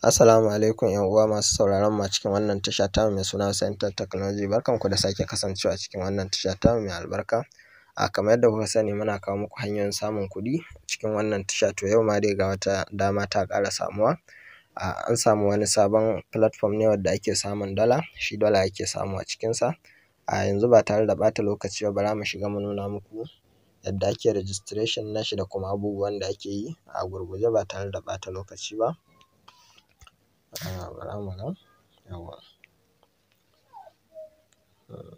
Assalamu alaikum ‘yan uwa masu sauraron mu a cikin wannan tasha ta mai suna Center Technology. ku da sake kasancewa cikin wannan tasha ta mai albarka. A kamar yadda kuka sani muna kawo muku hanyoyin samun kuɗi cikin wannan tasha to yau ma dai ga wata dama ta ƙara samuwa. an samu wani sabon platform ne wadda ake samun dala shi dala ake samu a cikinsa a yanzu ba tare da bata lokaci ba bara mu shiga mu nuna muku yadda ake registration shi da kuma abubuwan da ake yi a gurguje ba tare da bata lokaci ba bara mu nan yawa hmm.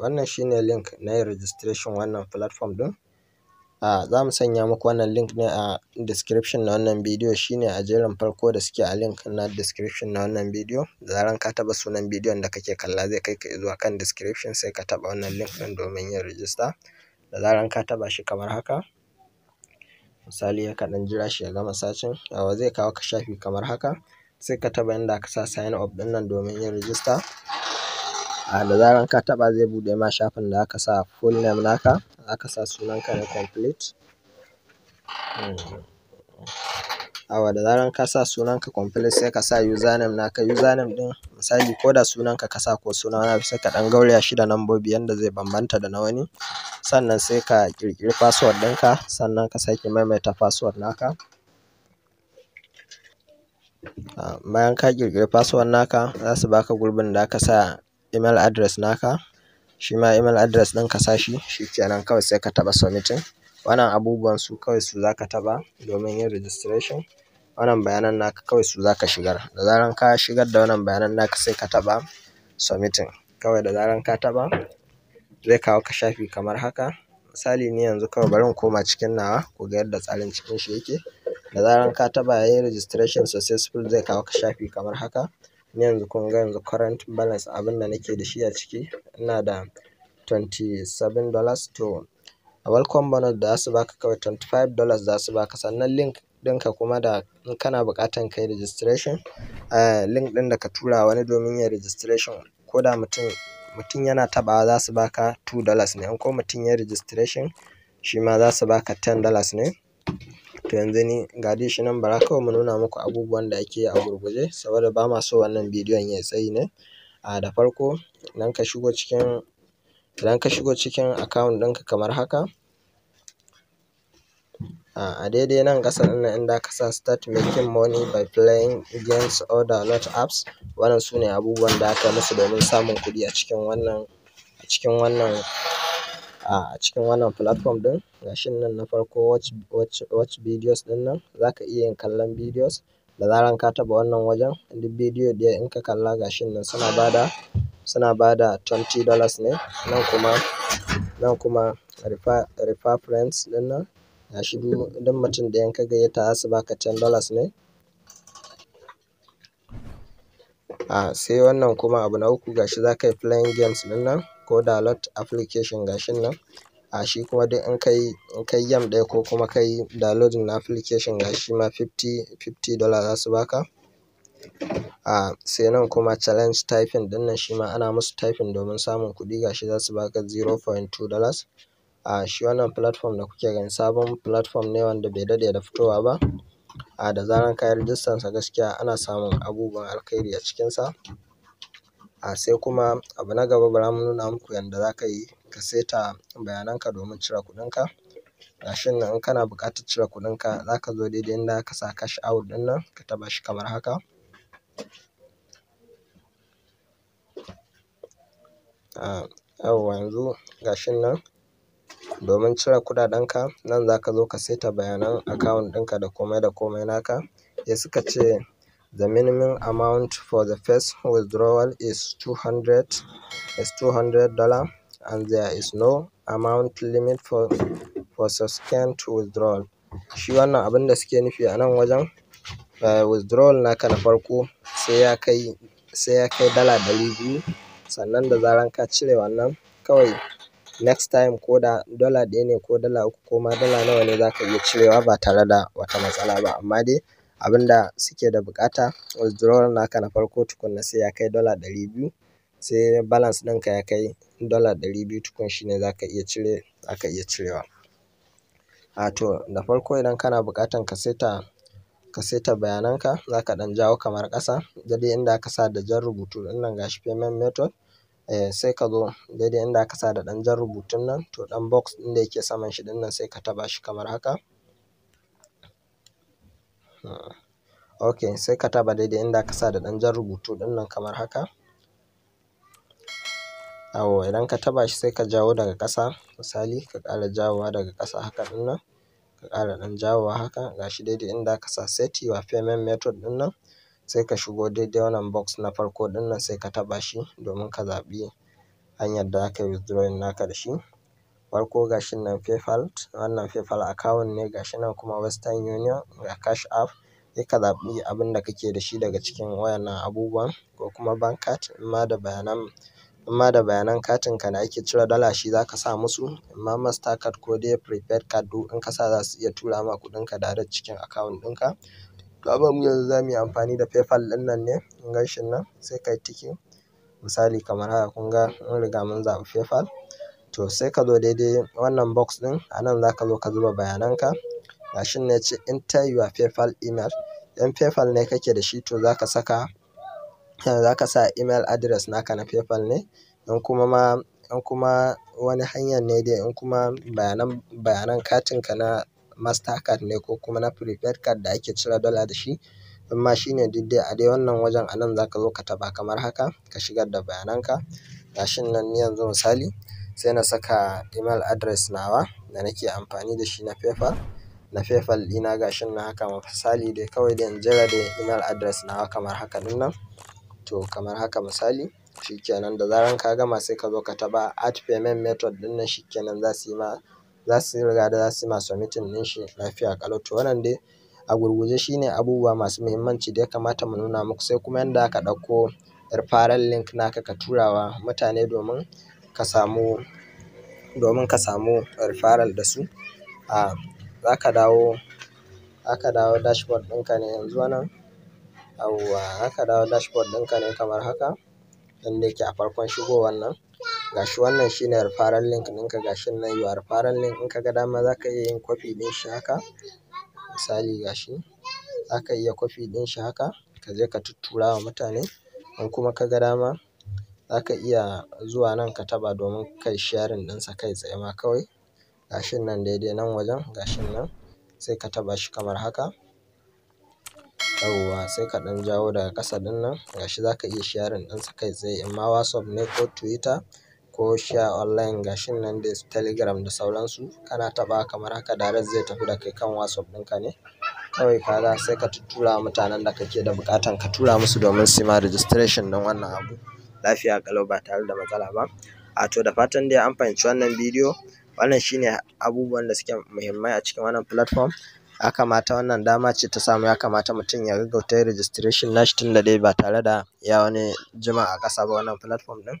wannan shine link na yin registration wannan platform din. Ah, za mu sanya muku wannan link ne a description na wannan bidiyo shine a jerin farko da suke a link na description na wannan bidiyo da ran ka taba sunan bidiyon da kake kalla zai kai ka zuwa kan description sai ka taba wannan link din domin yin register da zaran ka taba shi kamar haka misali ya kaɗan jira shi ya gama sacin yawa zai kawo ka shafi kamar haka sai ka taba inda ka sa sign up din nan domin yin register a ah, da zaran ka taɓa zai buɗe ma shafin da aka sa full name naka aka sa sunanka na complete hmm. awa da zaran ka sa sunanka complete sai ka sa username naka username din misali ko da sunan ka sa ko suna wani sai ka dan gauraya shi da nambobi yanda zai bambanta da na wani sannan sai ka kirkiri password ɗinka sannan ka sake maimaita password naka ah, bayan ka kirkiri password naka za su baka gurbin da aka sa email address naka shi ma email address ɗin ka sa shi kenan kawai sai ka taɓa submitting wannan abubuwan su kawai su zaka taɓa domin yin registration wannan bayanan naka kawai su zaka shigar da zaran ka shigar da wannan bayanan naka sai ka taɓa submitting kawai da zaran ka taɓa zai kawo ka shafi kamar haka misali ni yanzu kawai bari in koma cikin nawa ku ga yadda tsarin cikin shi yake da zarar ka taɓa yayin registration successful zai kawo ka shafi kamar haka ni yanzu kun ga yanzu current balance abin da nake da shi a ciki ina da 27 dollars to a welcome bonus da su baka kawai 25 dollars za su baka sannan link ɗinka kuma da in kana buƙatan kai registration uh, link ɗin da ka tura wani domin ya registration ko da mutum mutum yana taɓawa za su baka 2 dollars ne in ko mutum ya registration shi ma za su baka 10 dollars ne to yanzu ni ga dai shi nan bara kawai mu nuna muku abubuwan da ake yi a gurguje saboda ba ma so wannan bidiyon ya tsayi ne a da farko idan ka shigo cikin idan ka shigo cikin account ɗinka kamar haka a daidai nan ƙasa ɗin nan inda ka sa start making money by playing games or download apps wannan su ne abubuwan da aka musu domin samun kuɗi a cikin wannan a cikin wannan a cikin wannan platform ɗin gashi nan na farko watch, watch, watch videos ɗin nan za ka iya yin kallon videos da zaran ka taɓa wannan wajen duk bidiyo da in ka kalla gashi nan suna bada suna bada twenty dollars ne nan kuma nan kuma refer, friends ɗin nan gashi duk mutum ɗayan ka gayyata za su baka ten dollars ne sai wannan kuma abu na uku gashi za ka yi playing games ɗin nan ko download application gashin nan a shi kuma duk in kai in kai yam ɗaya ko kuma kai downloading na application ga shi ma 50 50 dollar za su baka a sai nan kuma challenge typing din nan shi ma ana musu typing domin samun kuɗi ga shi za su baka 0.2 dollars a shi wannan platform da kuke gani sabon platform ne wanda bai daɗe da fitowa ba a da zaran ka yi sa gaskiya ana samun abubuwan alkhairi a cikinsa a sai kuma abu na gaba bari mu nuna muku yanda za ka yi ka saita bayananka domin cire kuɗinka gashin nan kana buƙatar cire kuɗinka za ka zo daidai inda ka sa cash out ɗin nan ka taɓa shi kamar haka yawwa yanzu gashin nan domin cire kuɗaɗenka nan za ka zo ka saita bayanan account ɗinka da komai da komai naka sai suka ce The minimum amount for the first withdrawal is $200, is $200 and there is no amount limit for, for subsequent withdrawal. Shi wannan abin da suke nufi a nan wajen eh, withdrawal naka na farko sai ya kai sai ya kai dala dari biyu sannan da zaran ka cire wannan kawai next time ko da dala ɗaya ne ko dala uku ko ma dala nawa ne za ka iya cirewa ba tare da wata matsala ba amma dai abin da suke da bukata withdrawal naka na farko tukunna sai ya kai dola ɗari biyu sai balance ɗinka ya kai dola ɗari biyu tukun shine za ka iya cire za iya cirewa a ah, to da farko idan kana bukatan ka sai ka bayananka za ka ɗan jawo kamar ƙasa daidai inda aka sa da jan rubutu din nan gashi payment method eh, sai ka zo daidai inda aka sa da ɗan jan rubutun nan to ɗan box inda yake saman shi din nan sai ka taba shi kamar haka Ah. ok sai ka taɓa daidai inda ka sa da ɗan jan rubutu ɗinnan kamar haka. awo idan ka taba shi sai ka jawo daga ƙasa misali ka ƙara jawowa daga ƙasa haka ɗinnan ka ƙara ɗan jawowa haka gashi daidai inda ka sa set your payment method ɗinnan sai ka shigo daidai wannan box na farko ɗinnan sai ka taɓa shi domin ka zaɓi hanyar da aka yi withdrawing naka da shi. Farko gashin nan PayPal, wannan PayPal account ne gashi nan kuma Western Union ga Cash App. Sai ka zaɓi abin da kake da shi daga cikin wayannan abubuwan ko kuma bank card in ma da bayanan in ma da bayanan katin ka da ake cire dala shi zaka sa musu in ma Mastercard ko dai prepaid card duk in ka sa za su iya tura ma kuɗin ka direct cikin account ɗinka. To mu yanzu za mu yi amfani da PayPal ɗin nan ne in ganshin nan sai ka yi ticking misali kamar haka kun ga mun riga mun zaɓi PayPal. to sai ka zo daidai wannan box din a nan za ka zo ka zuba bayananka Ga shi ne ce enter your paypal email in paypal ne kake da shi to za ka saka eh, sa email address naka na paypal ne in kuma ma in kuma wani hanyar ne dai in kuma bayanan katinka na mastercard ne ko kuma na prepaid card da ake cire dola da shi in ma shi ne duk dai a dai wannan wajen a nan za ka zo ka taba kamar haka ka shigar da bayananka shi nan ni yanzu misali sai na saka email address nawa da nake amfani da shi na PayPal na PayPal ɗina gashin na haka misali dai kawai da in jira da email address nawa kamar haka dinnan to kamar haka misali shikenan da zaran ka gama sai ka zo ka taɓa at payment method dinnan shikenan za su yi ma za su riga da za su yi ma submitting din shi lafiya ƙalau to wannan dai a gurguje shine abubuwa masu muhimmanci da ya kamata mu nuna muku sai kuma yanda aka ɗauko referral link naka ka turawa mutane domin ka samu domin ka samu referral da su. A za ka dawo, za ka dawo dashboard ɗinka ne yanzu nan Yauwa za ka dawo dashboard ɗinka ne kamar haka yanda yake a farkon shigo wannan, Gashi wannan shine referral link ɗinka gashin nan your referral link in ka ga dama za ka iya yin copy ɗin shi haka. Misali gashi za ka iya copy ɗin shi haka ka je ka tuttura wa mutane in kuma ka ga dama. Za ka iya zuwa nan ka taɓa domin kai sharin ɗinsa kai tsaye ma kawai. Gashin nan daidai nan wajen gashin nan sai ka taɓa shi kamar haka. Yauwa sai ka ɗan jawo daga ƙasa ɗin nan gashi ka iya sharin ɗinsa kai tsaye in ma WhatsApp ne ko Twitter ko share online gashin nan dai su Telegram da sauransu. Kana taɓawa kamar haka direct zai tafi da kai kan WhatsApp ɗinka ne. Kawai kaga sai ka tura mutanen da kake da buƙatan ka tura musu domin su ma registration ɗin wannan abu. lafiya ƙalau ba tare da matsala ba. A to da fatan dai an fahimci wannan bidiyo wannan shine abubuwan da suke muhimmai a cikin wannan platform. Ya kamata wannan dama ce ta samu ya kamata mutum ya gaggauta yin registration nashi da dai ba tare da ya wani jima a ƙasa ba wannan platform ɗin.